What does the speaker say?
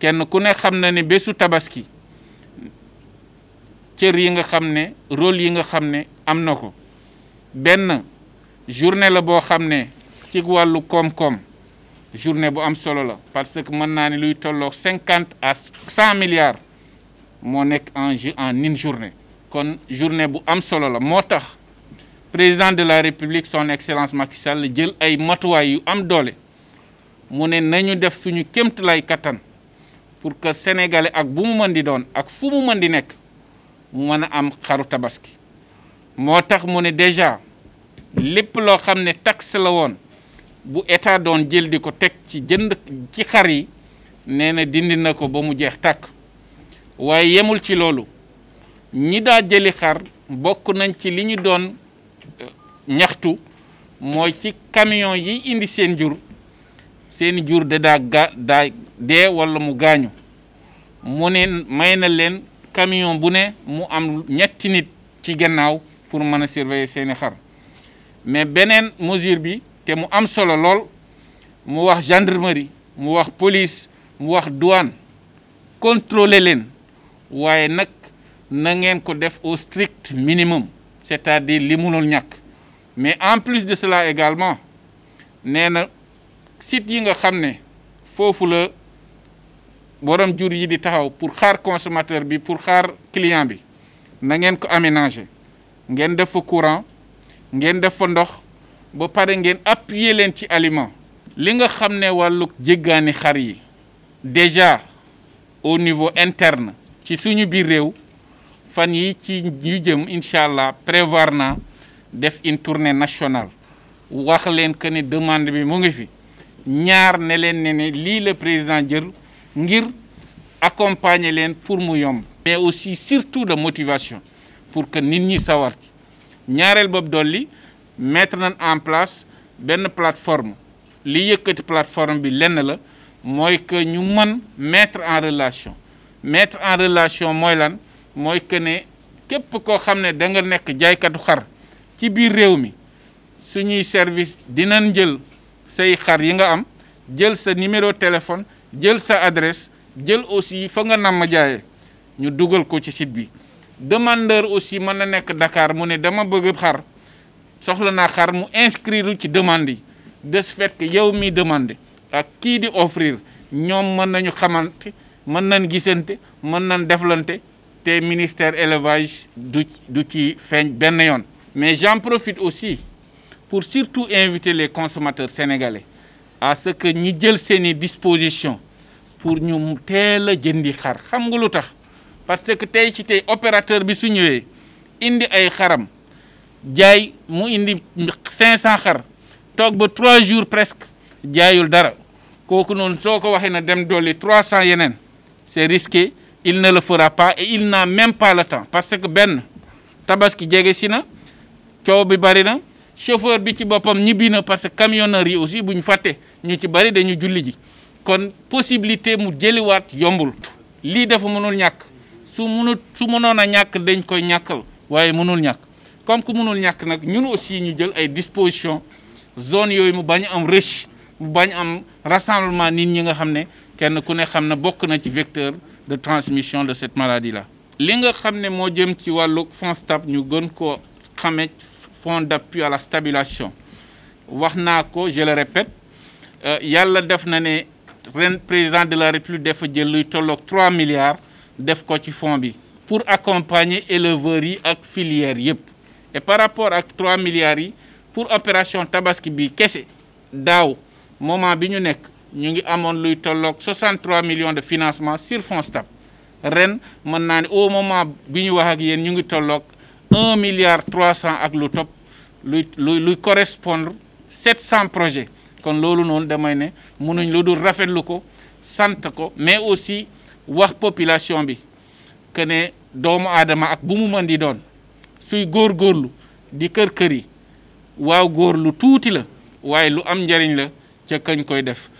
kenn ku ne xam na ne bésu tabaski cër yi nga xam ne rôle yi nga xam ne am na ko benn journée la boo xam ne ci wàllu koom-koom journée bu am solo la parce que mën naa ne luy tolloog cinquante à cent milliards moo nekk en jeu en une journée kon journée bu am solo la moo tax président de la république son excellence Macky Sall jël ay matuwaay yu am doole mu ne nañu def suñu kémtalaay kattan pour que sénégalais ak bu mu mën di doon ak fu mu mën di nekk mën a am xaru tabaski moo tax mu ne déjà lépp loo xam ne taxe la woon bu état doon jël di ko teg ci jënd ci xar yi nee na dindi na ko ba mu jeex tàkk waaye yemul ci loolu ñi daa jëli xar bokk nañ ci li ñu doon euh, ñaxtu mooy ci camion yi indi seen jur seeni jur de daga ga daa dee wala mu gañu mu ne may camion bu ne mu am ñetti nit ci gannaaw pour mën surveiller seeni xar mais benen mesure bi te mu am solo lol mu wax gendarmerie mu wax police mu wax douane contrôler len waye nak na ngeen ko def au strict minimum c'est-à-dire li munul ñak mais en plus de cela également néna site yi nga xam ne foofu la borom jur yi di taxaw pour xaar consommateur bi pour xaar client bi na ngeen ko aménager ngeen def fa courant ngeen def fa ndox ba pare ngeen appuyer leen ci aliment li nga xam ne wàllu jéggaani xar yi déjà au niveau interne ci suñu biir réew fan yi ci ñu jëm incha allah prévoir na def une tournée nationale wax leen que ne demande bi mu ngi fi ñaar ne leen ne ne lii président jël ngir accompagner leen pour mu yomb mais aussi surtout de motivation pour que nit ñi sawar ci ñaareel boobu dolli mettre nañ en place benn plateforme li yëkkati plateforme bi lenn la mooy que ñu mën mettre en relation mettre en relation mooy lan mooy que ne képp koo xam ne da nga nekk jaaykatu xar ci biir réew mi suñuy service dinañ jël say xar yi nga am jël sa numéro téléphone jël sa adresse jël aussi fa nga namm jaayee ñu dugal ko ci site bi demandeur aussi mën na nekk Dakar mu ne dama bëgg xar soxla naa xar mu inscrire ci demande yi des ce fait que yow mi demande ak kii di offrir ñoom mën nañu xamant mën nañ gisante mën nañ deflante te ministère élevage du du ci feeñ benn yoon mais j'en profite aussi pour surtout inviter les consommateurs sénégalais à ce que nous jël seeni dispositions pour nous montrer jëndi xar xam parce que tey ci tey opérateur bi su ñëwee indi ay xaram jaay mu indi 500 xar tok ba 3 jours presque jaayul dara kooku non soko waxé na dem doli 300 yenen c'est risqué il ne le fera pas et il n'a même pas le temps parce que ben, tabaski jege si na coow bi bari na. chauffeur bi ci boppam ñibbi na parce que camionneur yi aussi bu ñu fàtte ñu ci bari dañu julli ji kon possibilité mu jëliwaat yombul lii dafa mënul ñàkk su mënul su mënoon a ñàkk dañ koy ñàkkal waaye mënul ñàkk comme ku mënul ñàkk nag ñun aussi ñu jël ay disposition zone yooyu mu bañ am riche mu bañ am rassemblement nit ñi nga xam ne kenn ku ne xam ne bokk na ci vecteur de transmission de cette maladie la li nga xam ne moo jëm ci wàllu FONSTAB ñu gën koo fonds d'appui à la stabilisation je le répète euh, yalla def na président de la république def jël 3 milliards def ko ci fonds bi pour accompagner éleveurs ak filières et par rapport à 3 milliards pour opération tabaski bi kessé daw moment bi ñu nekk ñu ngi amone luy 63 millions de financement sur fonds STAB ren maintenant, fait au moment bi nous wax ak 1 milliard 300 ak lu top, luy luy correspond correspondre sept projets kon lolu non damay ne mënuñ lu dul rafetlu ko sante ko mais aussi wax population bi que ne doomu adama ak bu mu mën di doon suy góorgóorlu di kër kër yi waaw góor lu tuuti la waaye lu am njariñ la ca kañ koy def